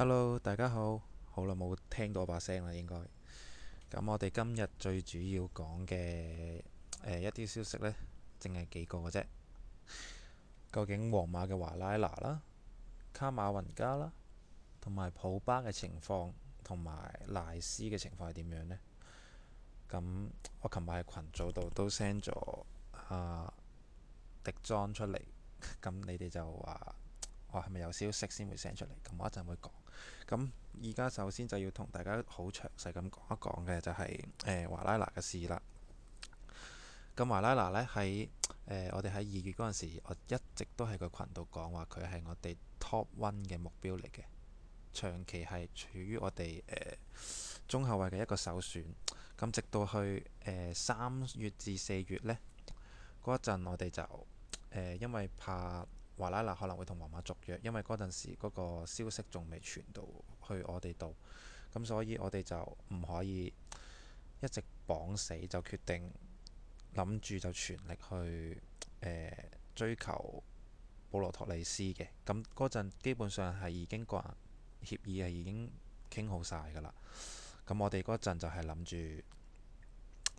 Hello，大家好，好耐冇聽到把聲啦，應該。咁我哋今日最主要講嘅誒一啲消息呢，淨係幾個嘅啫。究竟皇馬嘅華拉拿啦、卡馬雲加啦，同埋普巴嘅情況，同埋賴斯嘅情況係點樣呢？咁我琴日喺群組度都 send 咗啊迪裝出嚟，咁你哋就話我係咪有消息先會 send 出嚟？咁我一陣會講。咁而家首先就要同大家好詳細咁講一講嘅就係誒華拉納嘅事啦。咁華拉納呢，喺、呃、誒我哋喺二月嗰陣時，我一直都喺個群度講，話佢係我哋 Top One 嘅目標嚟嘅，長期係處於我哋、誒、呃、中後衛嘅一個首選。咁直到去誒三、呃、月至四月呢嗰一陣我哋就、呃、因為怕。華啦納可能會同皇馬續約，因為嗰陣時嗰個消息仲未傳到去我哋度，咁所以我哋就唔可以一直綁死，就決定諗住就全力去、呃、追求保羅托利斯嘅。咁嗰陣基本上係已經個人協議，係已經傾好晒㗎啦。咁我哋嗰陣就係諗住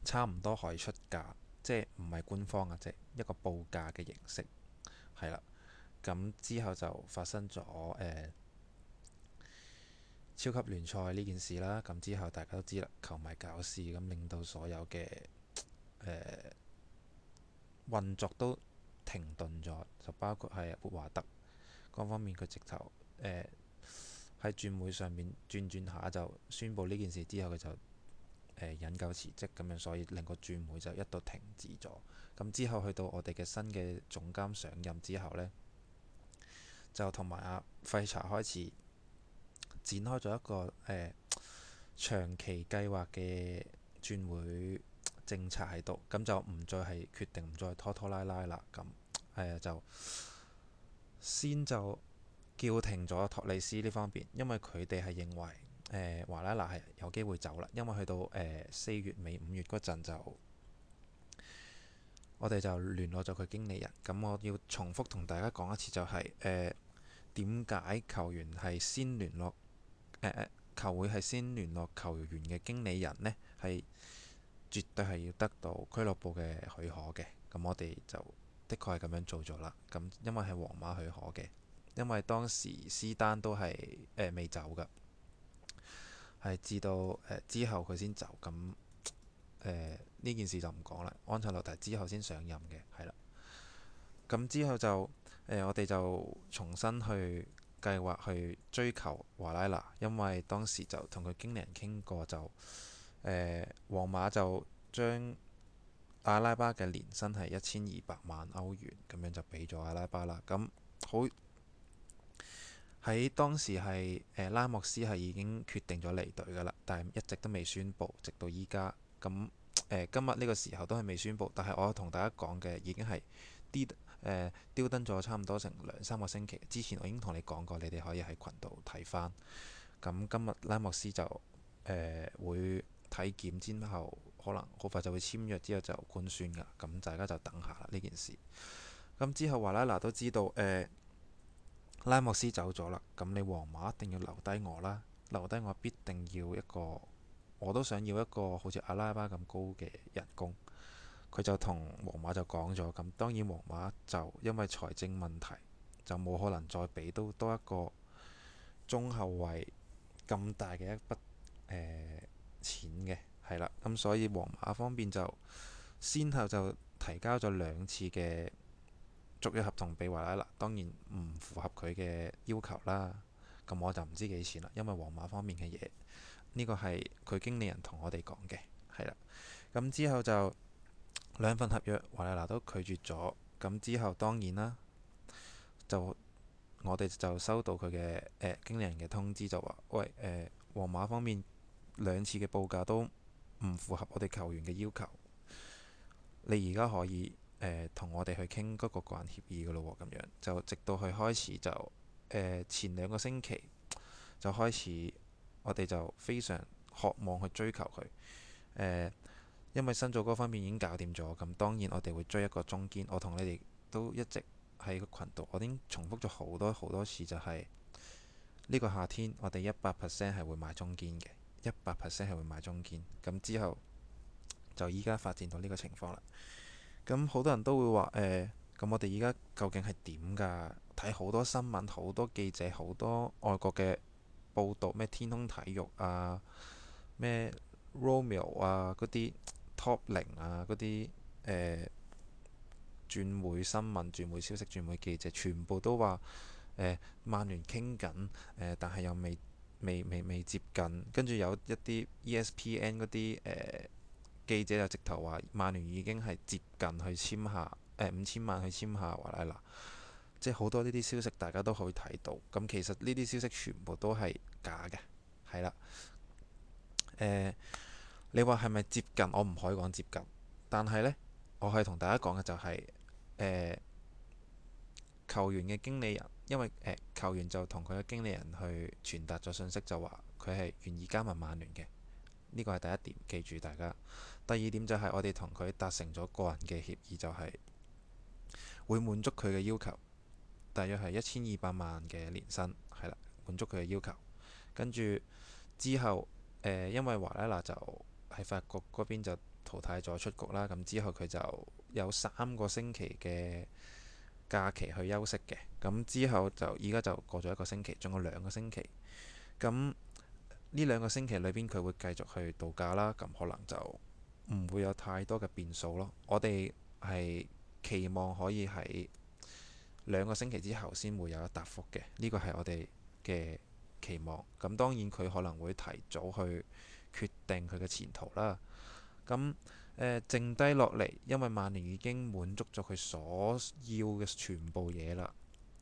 差唔多可以出價，即係唔係官方嘅啫，一個報價嘅形式係啦。咁之後就發生咗、欸、超級聯賽呢件事啦。咁之後大家都知啦，球迷搞事，咁令到所有嘅誒、欸、運作都停頓咗，就包括係活華特，嗰方面，佢直頭喺轉會上面轉轉下，就宣布呢件事之後，佢、欸、就引咎辭職咁樣，所以令個轉會就一度停止咗。咁之後去到我哋嘅新嘅總監上任之後呢，就同埋阿費查開始展開咗一個誒、呃、長期計劃嘅轉會政策喺度，咁就唔再係決定，唔再拖拖拉拉啦。咁係啊，就先就叫停咗托利斯呢方面，因為佢哋係認為誒、呃、華拉娜係有機會走啦，因為去到誒四、呃、月尾五月嗰陣就我哋就聯絡咗佢經理人，咁我要重複同大家講一次就係、是、誒。呃點解球員係先聯絡、呃、球會係先聯絡球員嘅經理人呢？係絕對係要得到俱樂部嘅許可嘅。咁我哋就的確係咁樣做咗啦。咁因為係皇馬許可嘅，因為當時施丹都係、呃、未走噶，係至到、呃、之後佢先走。咁呢、呃、件事就唔講啦。安切洛提之後先上任嘅，係啦。咁之後就誒、呃，我哋就重新去計劃去追求華拉納，因為當時就同佢經理人傾過，就誒、呃、皇馬就將阿拉巴嘅年薪係一千二百萬歐元，咁樣就俾咗阿拉巴啦。咁好喺當時係誒、呃、拉莫斯係已經決定咗離隊噶啦，但係一直都未宣佈，直到依家咁誒。今日呢個時候都係未宣佈，但係我同大家講嘅已經係啲。誒丟燈咗差唔多成兩三個星期，之前我已經同你講過，你哋可以喺群度睇翻。咁今日拉莫斯就誒、呃、會體檢之後，可能好快就會簽約，之後就官宣噶。咁大家就等下啦呢件事。咁之後華拉拿都知道誒、呃、拉莫斯走咗啦，咁你皇馬一定要留低我啦，留低我必定要一個我都想要一個好似阿拉巴咁高嘅人工。佢就同皇馬就講咗咁，當然皇馬就因為財政問題就冇可能再俾都多一個中後衞咁大嘅一筆誒、呃、錢嘅係啦。咁所以皇馬方面就先後就提交咗兩次嘅續約合同俾維拉啦。當然唔符合佢嘅要求啦。咁我就唔知幾錢啦，因為皇馬方面嘅嘢呢個係佢經理人同我哋講嘅係啦。咁之後就。兩份合約，華麗娜都拒絕咗。咁之後當然啦，就我哋就收到佢嘅誒經理人嘅通知，就話：喂誒、呃，皇馬方面兩次嘅報價都唔符合我哋球員嘅要求。你而家可以誒同、呃、我哋去傾嗰個個人協議嘅咯喎，咁樣就直到佢開始就誒、呃、前兩個星期就開始，我哋就非常渴望去追求佢誒。呃因為新造嗰方面已經搞掂咗，咁當然我哋會追一個中堅。我同你哋都一直喺個群度，我已經重複咗好多好多次，就是，就係呢個夏天我哋一百 percent 係會買中堅嘅，一百 percent 係會買中堅。咁之後就依家發展到呢個情況啦。咁好多人都會話誒，咁、呃、我哋依家究竟係點㗎？睇好多新聞，好多記者，好多外國嘅報道，咩天空體育啊，咩 Romeo 啊嗰啲。Top 零啊，嗰啲誒轉會新聞、轉會消息、轉會記者，全部都話誒、呃、曼聯傾緊誒，但係又未未未未接近。跟住有一啲 ESPN 嗰啲誒、呃、記者就直頭話曼聯已經係接近去簽下誒五千萬去簽下華拉拿，即係好多呢啲消息大家都可以睇到。咁其實呢啲消息全部都係假嘅，係啦誒。呃你話係咪接近？我唔可以講接近，但係呢，我係同大家講嘅就係、是、誒、呃、球員嘅經理人，因為誒、呃、球員就同佢嘅經理人去傳達咗信息，就話佢係願意加盟曼聯嘅。呢、呢個係第一點，記住大家。第二點就係我哋同佢達成咗個人嘅協議，就係會滿足佢嘅要求，大約係一千二百萬嘅年薪，係啦，滿足佢嘅要求。跟住之後誒、呃，因為華拉娜就～喺法國嗰邊就淘汰咗出局啦。咁之後佢就有三個星期嘅假期去休息嘅。咁之後就依家就過咗一個星期，仲有兩個星期。咁呢兩個星期裏邊佢會繼續去度假啦。咁可能就唔會有太多嘅變數咯。我哋係期望可以喺兩個星期之後先會有答覆嘅。呢個係我哋嘅期望。咁當然佢可能會提早去。決定佢嘅前途啦。咁誒、呃，剩低落嚟，因為曼聯已經滿足咗佢所要嘅全部嘢啦，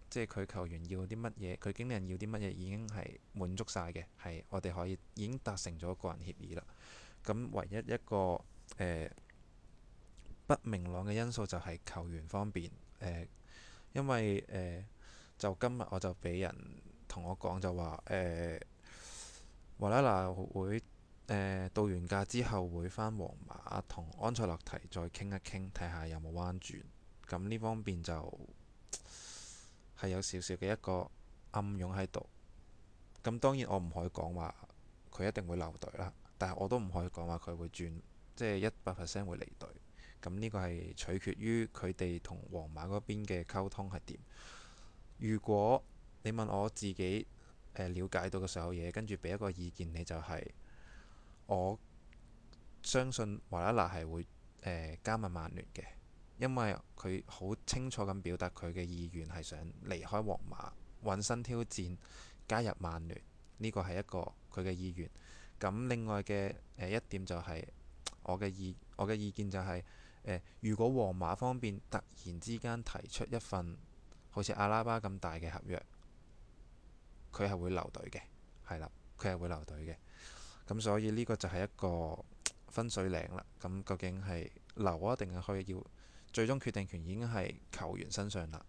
即係佢球員要啲乜嘢，佢經理人要啲乜嘢，已經係滿足晒嘅，係我哋可以已經達成咗個人協議啦。咁唯一一個誒、呃、不明朗嘅因素就係球員方面。誒、呃，因為誒、呃、就今日我就俾人同我講就話誒，維、呃、拉納會，誒到完假之後，會返皇馬同安塞洛提再傾一傾，睇下有冇彎轉。咁呢方面就係有少少嘅一個暗湧喺度。咁當然我唔可以講話佢一定會留隊啦，但係我都唔可以講話佢會轉，即係一百 percent 會離隊。咁呢個係取決於佢哋同皇馬嗰邊嘅溝通係點。如果你問我自己誒了解到嘅所有嘢，跟住俾一個意見，你就係、是。我相信華拉娜係會誒、呃、加盟曼聯嘅，因為佢好清楚咁表達佢嘅意願係想離開皇馬，揾新挑戰加入曼聯。呢、這個係一個佢嘅意願。咁另外嘅誒、呃、一點就係我嘅意，我嘅意見就係、是、誒、呃，如果皇馬方面突然之間提出一份好似阿拉巴咁大嘅合約，佢係會留隊嘅，係啦，佢係會留隊嘅。咁所以呢個就係一個分水嶺啦。咁究竟係留啊，定係可以要最終決定權已經係球員身上啦，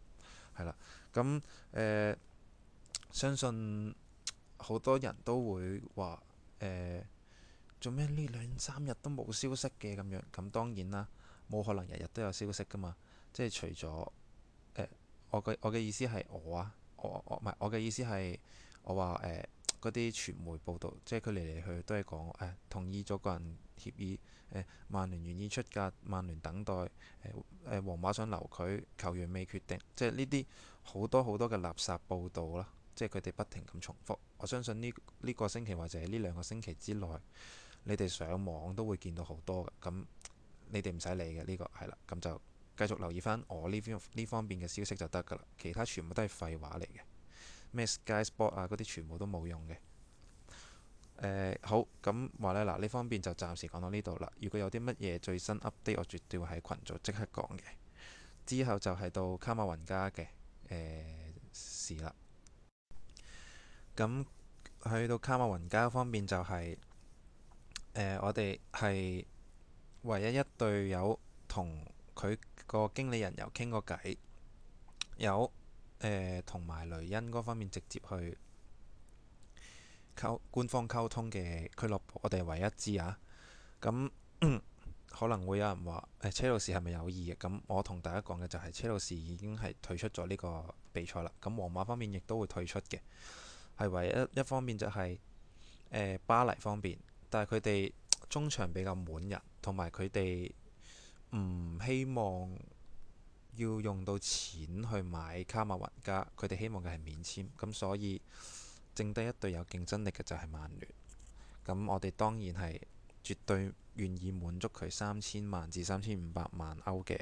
係啦。咁誒、呃，相信好多人都會話誒，做咩呢兩三日都冇消息嘅咁樣？咁當然啦，冇可能日日都有消息㗎嘛。即係除咗誒、呃，我嘅我嘅意思係我啊，我我唔係我嘅意思係我話誒。呃嗰啲傳媒報道，即係佢嚟嚟去去都係講誒同意咗個人協議，誒、哎、曼聯願意出價，曼聯等待，誒皇馬想留佢，球員未決定，即係呢啲好多好多嘅垃圾報道啦。即係佢哋不停咁重複。我相信呢呢個星期或者呢兩個星期之內，你哋上網都會見到好多嘅。咁你哋唔使理嘅，呢個係啦。咁就繼續留意翻我呢方呢方面嘅消息就得㗎啦。其他全部都係廢話嚟嘅。咩 Sky Sport 啊，嗰啲全部都冇用嘅、呃。好，咁話咧嗱，呢方面就暫時講到呢度啦。如果有啲乜嘢最新 update，我絕對會喺群組即刻講嘅。之後就係到卡馬雲加嘅事啦。咁去到卡馬雲加方面就係、是呃、我哋係唯一一隊有同佢個經理人有傾過偈。有。誒同埋雷恩嗰方面直接去溝官方溝通嘅俱樂部，我哋唯一知啊！咁可能會有人話誒、呃、車路士係咪有意嘅？咁我同大家講嘅就係、是、車路士已經係退出咗呢個比賽啦。咁皇馬方面亦都會退出嘅，係唯一一方面就係、是、誒、呃、巴黎方面，但係佢哋中場比較滿人，同埋佢哋唔希望。要用到錢去買卡馬雲加，佢哋希望嘅係免簽，咁所以剩低一隊有競爭力嘅就係曼聯。咁我哋當然係絕對願意滿足佢三千萬至三千五百萬歐嘅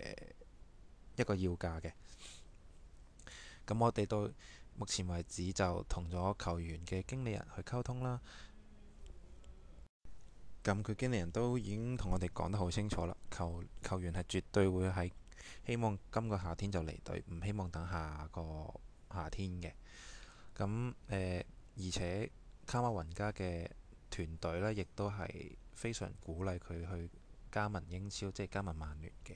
一個要價嘅。咁我哋到目前為止就同咗球員嘅經理人去溝通啦。咁佢經理人都已經同我哋講得好清楚啦，球球員係絕對會喺。希望今個夏天就離隊，唔希望等下個夏天嘅。咁誒、呃，而且卡馬雲家嘅團隊咧，亦都係非常鼓勵佢去加盟英超，即係加盟曼聯嘅。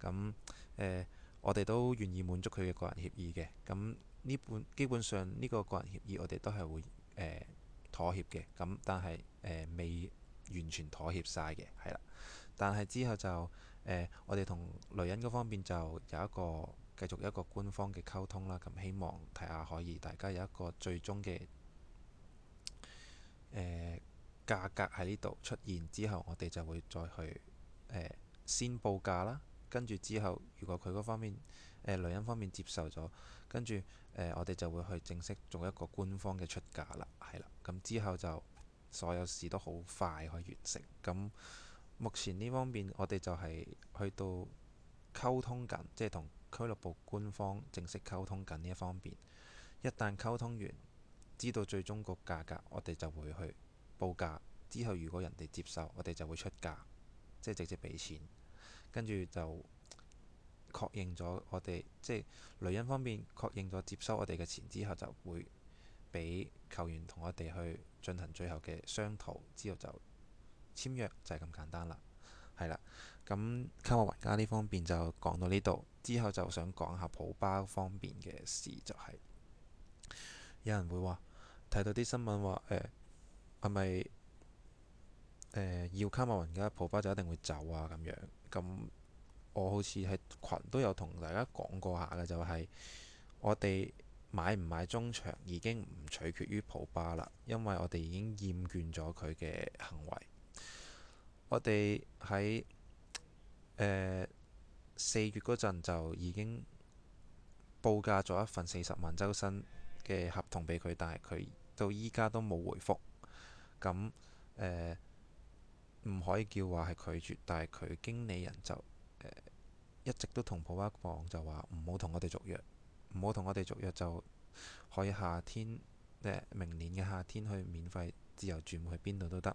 咁誒、呃，我哋都願意滿足佢嘅個人協議嘅。咁呢本基本上呢個個人協議我，我哋都係會妥協嘅。咁但係誒、呃、未完全妥協晒嘅，係啦。但係之後就。誒、呃，我哋同雷欣嗰方面就有一個繼續一個官方嘅溝通啦，咁希望睇下可以大家有一個最終嘅誒價格喺呢度出現之後，我哋就會再去誒、呃、先報價啦，跟住之後如果佢嗰方面誒雷欣方面接受咗，跟住誒我哋就會去正式做一個官方嘅出價啦，係啦，咁之後就所有事都好快可以完成咁。目前呢方面，我哋就係去到溝通緊，即係同俱樂部官方正式溝通緊呢一方面。一旦溝通完，知道最終個價格，我哋就會去報價之後，如果人哋接受，我哋就會出價，即係直接俾錢，跟住就確認咗我哋，即係女人方面確認咗接收我哋嘅錢之後，就會俾球員同我哋去進行最後嘅商討之後就。簽約就係咁簡單啦，係啦。咁卡馬雲家呢方面就講到呢度，之後就想講下普巴方面嘅事、就是，就係有人會話睇到啲新聞話誒係咪誒要卡馬雲家？普巴就一定會走啊？咁樣咁我好似喺群都有同大家講過下嘅，就係、是、我哋買唔買中場已經唔取決於普巴啦，因為我哋已經厭倦咗佢嘅行為。我哋喺誒四月嗰陣就已經報價咗一份四十萬周薪嘅合同俾佢，但係佢到依家都冇回覆。咁誒唔可以叫話係拒絕，但係佢經理人就誒、呃、一直都同普巴講，就話唔好同我哋續約，唔好同我哋續約，就可以夏天誒、呃、明年嘅夏天去免費自由轉去邊度都得。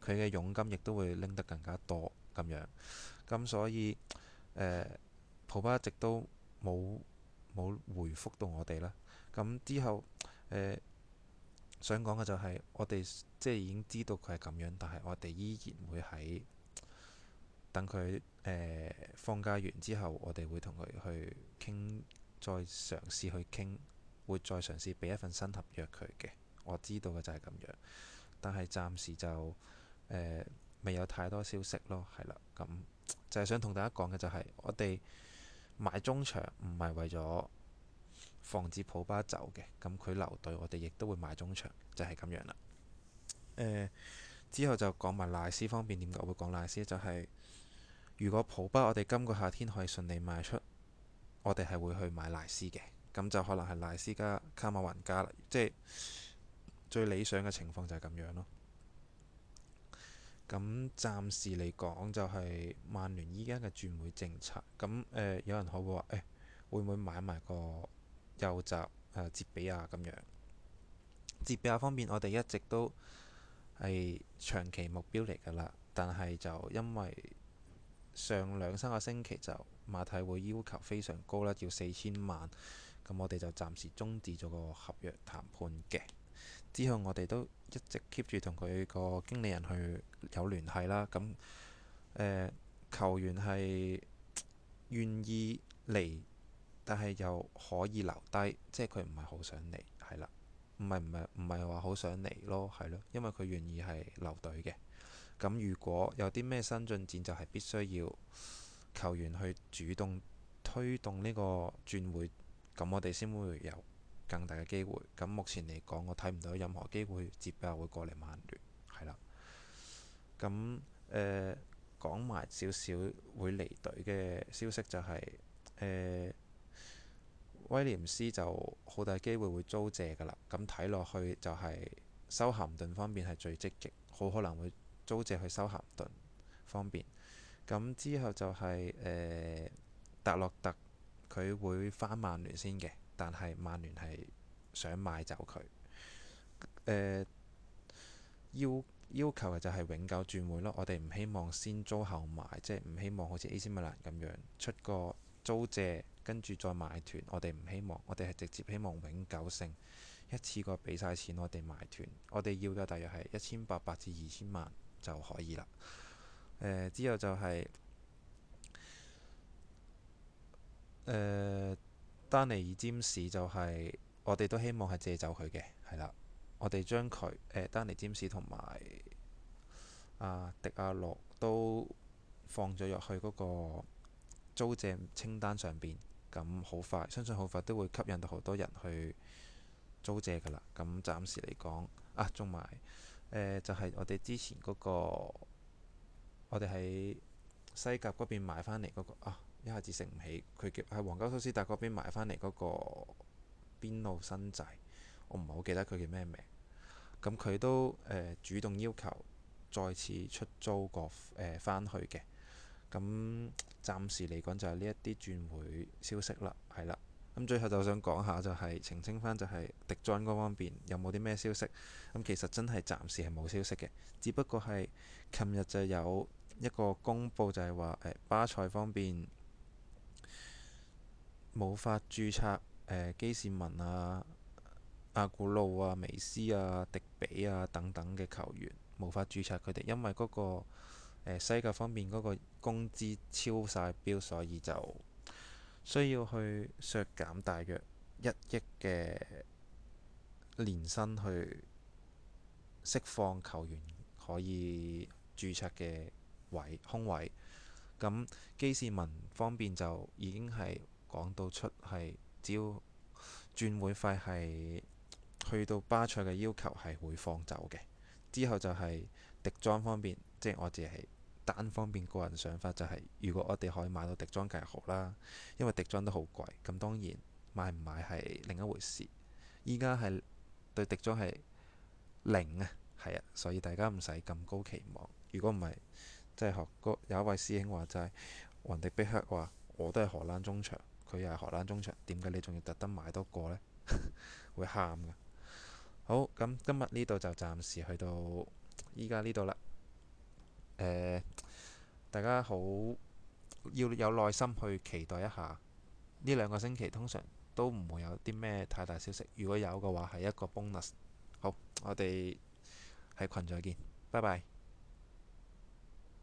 佢嘅佣金亦都會拎得更加多咁樣，咁所以誒，普巴一直都冇冇回覆到我哋啦。咁之後誒，想講嘅就係，我哋即係已經知道佢係咁樣，但係我哋依然會喺等佢誒，放假完之後，我哋會同佢去傾，再嘗試去傾，會再嘗試俾一份新合約佢嘅。我知道嘅就係咁樣，但係暫時就。呃、未有太多消息咯，係啦。咁就係想同大家講嘅就係，我哋買中場唔係為咗防止普巴走嘅，咁佢留隊，我哋亦都會買中場，就係、是、咁樣啦、呃。之後就講埋賴斯方面點解會講賴斯，就係、是、如果普巴我哋今個夏天可以順利賣出，我哋係會去買賴斯嘅，咁就可能係賴斯加卡馬雲加啦，即係最理想嘅情況就係咁樣咯。咁暫時嚟講就係曼聯依家嘅轉會政策，咁誒、呃、有人可能會話誒會唔會買埋個右閘誒哲、啊、比亞咁樣？哲比亞方面，我哋一直都係長期目標嚟㗎啦，但係就因為上兩三個星期就馬體會要求非常高啦，要四千萬，咁我哋就暫時中止咗個合約談判嘅。之後我哋都一直 keep 住同佢個經理人去有聯繫啦，咁誒、呃、球員係願意嚟，但係又可以留低，即係佢唔係好想嚟，係啦，唔係唔係唔係話好想嚟咯，係咯，因為佢願意係留隊嘅。咁如果有啲咩新進展，就係、是、必須要球員去主動推動呢個轉會，咁我哋先會有。更大嘅機會。咁目前嚟講，我睇唔到任何機會接駁會過嚟曼聯，係啦。咁誒、呃、講埋少少會離隊嘅消息就係、是、誒、呃、威廉斯就好大機會會租借㗎啦。咁睇落去就係修咸頓方面係最積極，好可能會租借去修咸頓方面。咁之後就係、是、誒、呃、達洛特佢會翻曼聯先嘅。但係曼聯係想買走佢，誒、呃、要要求嘅就係永久轉會咯。我哋唔希望先租後買，即係唔希望好似 AC 米蘭咁樣出個租借，跟住再買斷。我哋唔希望，我哋係直接希望永久性一次過俾晒錢我，我哋買斷。我哋要嘅大約係一千八百至二千萬就可以啦、呃。之後就係、是、誒。呃丹尼爾詹士就係、是、我哋都希望係借走佢嘅，係啦，我哋將佢誒丹尼爾詹姆斯同埋啊迪亞洛都放咗入去嗰個租借清單上邊，咁好快，相信好快都會吸引到好多人去租借噶啦。咁暫時嚟講啊，仲埋誒就係、是、我哋之前嗰、那個我哋喺西甲嗰邊買翻嚟嗰個啊。一下子食唔起，佢叫喺皇家蘇斯達嗰邊買翻嚟嗰個邊路新仔，我唔係好記得佢叫咩名。咁佢都誒、呃、主動要求再次出租過誒翻去嘅。咁暫時嚟講就係呢一啲轉會消息啦，係啦。咁最後就想講下就係澄清翻，就係迪莊嗰方面有冇啲咩消息？咁其實真係暫時係冇消息嘅，只不過係琴日就有一個公佈，就係話誒巴塞方面。無法註冊誒基士文啊、阿古路啊、美斯啊、迪比啊等等嘅球員，無法註冊佢哋，因為嗰、嗰個、呃、西甲方面嗰個工資超晒標，所以就需要去削減大約一億嘅年薪去釋放球員可以註冊嘅位空位。咁基士文方面就已經係。講到出係，只要轉會費係去到巴塞嘅要求係會放走嘅。之後就係迪莊方面，即係我自己係單方面個人想法就係，如果我哋可以買到迪莊，梗係好啦。因為迪莊都好貴，咁當然買唔買係另一回事。依家係對迪莊係零啊，係啊，所以大家唔使咁高期望。如果唔係，即係學哥有一位師兄話齋，雲迪碧克話我都係荷蘭中場。佢又係荷蘭中場，點解你仲要特登買多個呢？ 會喊㗎。好，咁今日呢度就暫時去到依家呢度啦。誒，大家好，要有耐心去期待一下。呢兩個星期通常都唔會有啲咩太大消息。如果有嘅話，係一個 bonus。好，我哋喺群再見，拜拜。